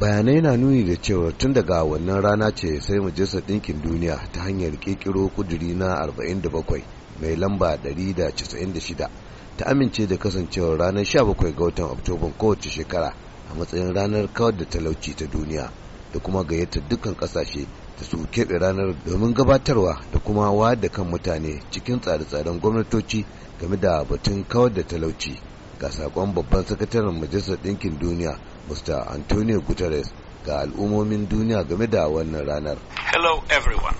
bayanai na nuni da cewa tun daga wannan rana ce sai majalisar ɗinkin duniya ta hanyar ƙirƙiro kuduri na 47 mai lamba 196 ta amince da kasancewar ranar 17 ga watan oktoban kowace shekara a matsayin ranar kawar da talauci ta duniya da kuma gayyatar dukkan ƙasashe da su keɓe ranar domin gabatarwa da kuma wayar da kan mutane cikin tsare-tsaren gwamnatoci game da batun kawar da talauci ga sakon babban sakataren majalisar ɗinkin duniya mr antonio guterres ga al'ummomin duniya game da wannan ranar hello everyone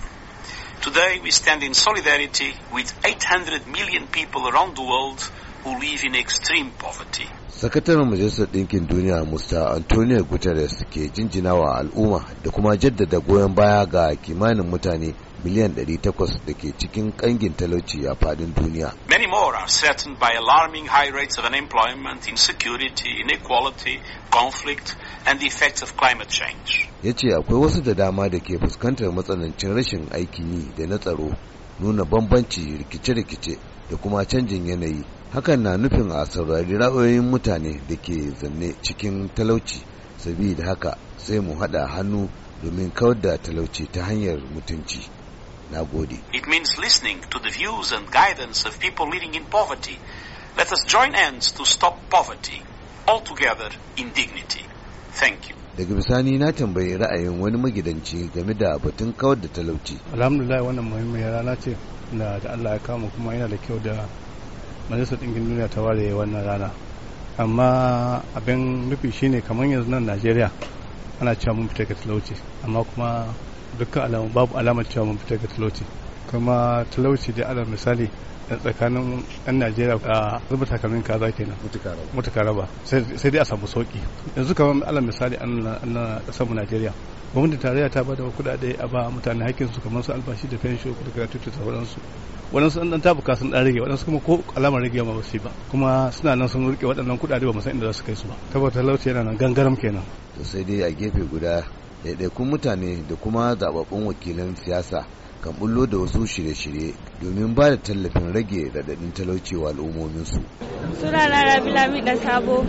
today we stand in solidarity with 800 million people around the world who live in extreme poverty sakataren majalisar ɗinkin duniya mr antonio guterres ke jinjinawa al'umma da kuma jaddada goyon baya ga kimanin mutane miliyan 800 da ke cikin kangin talauci a fadin duniya. Many more are threatened by alarming high rates of unemployment, insecurity, inequality, conflict and the effects of climate change. Ya ce akwai wasu da dama da ke fuskantar matsanancin rashin aikin yi da na tsaro, nuna bambanci rikice-rikice da kuma canjin yanayi. Hakan na nufin a saurari ra'ayoyin mutane da ke zanne cikin talauci, sabida haka sai mu haɗa hannu domin kawar da talauci ta hanyar mutunci. Na gode. It means listening to the views and guidance of people living in poverty. Let us join hands to stop poverty altogether in dignity. Thank you. daga bisani na tambayi ra'ayin wani magidanci game da batun kawar da talauci alhamdulillah wannan muhimmiyar rana ce da Allah ya kama kuma yana da kyau da majalisar ɗinkin duniya ta ware wannan rana amma abin nufi shine kamar yanzu nan najeriya ana cewa mun fita ga talauci amma kuma dukkan alamu babu alamar cewa mun fitar ga talauci kuma talauci da alal misali tsakanin 'yan najeriya a zuba takamin kaza kenan mutuka raba sai dai a samu sauki yanzu kamar alal misali an na samu najeriya gwamnatin tarayya ta bada kudade a ba mutane hakkin su kamar su albashi da fensho da gratuity da waɗansu waɗansu an dan tabuka sun dan rage waɗansu kuma ko alamar rage ma ba su ba kuma suna nan sun rike waɗannan kudade ba musan inda za su kai su ba tabbata talauci yana nan gangaram kenan to sai dai a gefe guda ɗaiɗaikun mutane da kuma zababbun wakilan siyasa kan bullo da wasu shirye-shirye domin ba da tallafin rage raɗaɗin talaucewa al'ummominsu. sunana Lami da sabo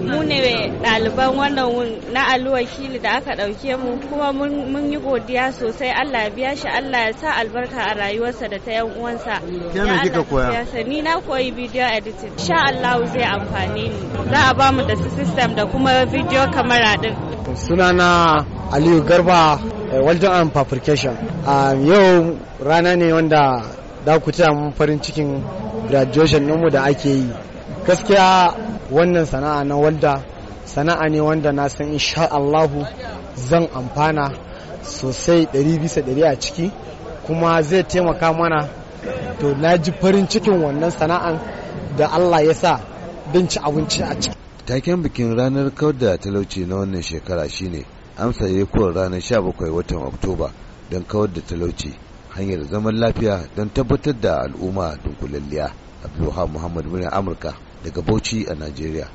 mu ne ɗaliban wannan na aluwa shili da aka ɗauke mu kuma mun yi godiya sosai allah ya biya shi allah ya sa albarka a rayuwarsa da ta yan uwansa ya kika koya ni na koyi video editing sha allah zai amfane ni za a ba mu da system da kuma video camera din sunana aliyu garba eh, welding and fabrication um, yau rana ne wanda da ku mun farin cikin graduation ɗinmu da ake yi gaskiya wannan sana'a na walda sana'a ne wanda na san insha Allahu zan amfana sosai 100% a ciki kuma zai taimaka mana to na ji farin cikin wannan sana'an da Allah ya sa don ci abinci a ciki taken bikin ranar kawar da talauci na wannan shekara shine amsa yekuwar ranar 17 watan oktoba don kawar da talauci hanyar zaman lafiya don tabbatar da al'umma dunkulalliya abdulhamid muhammad murya amurka daga bauchi a najeriya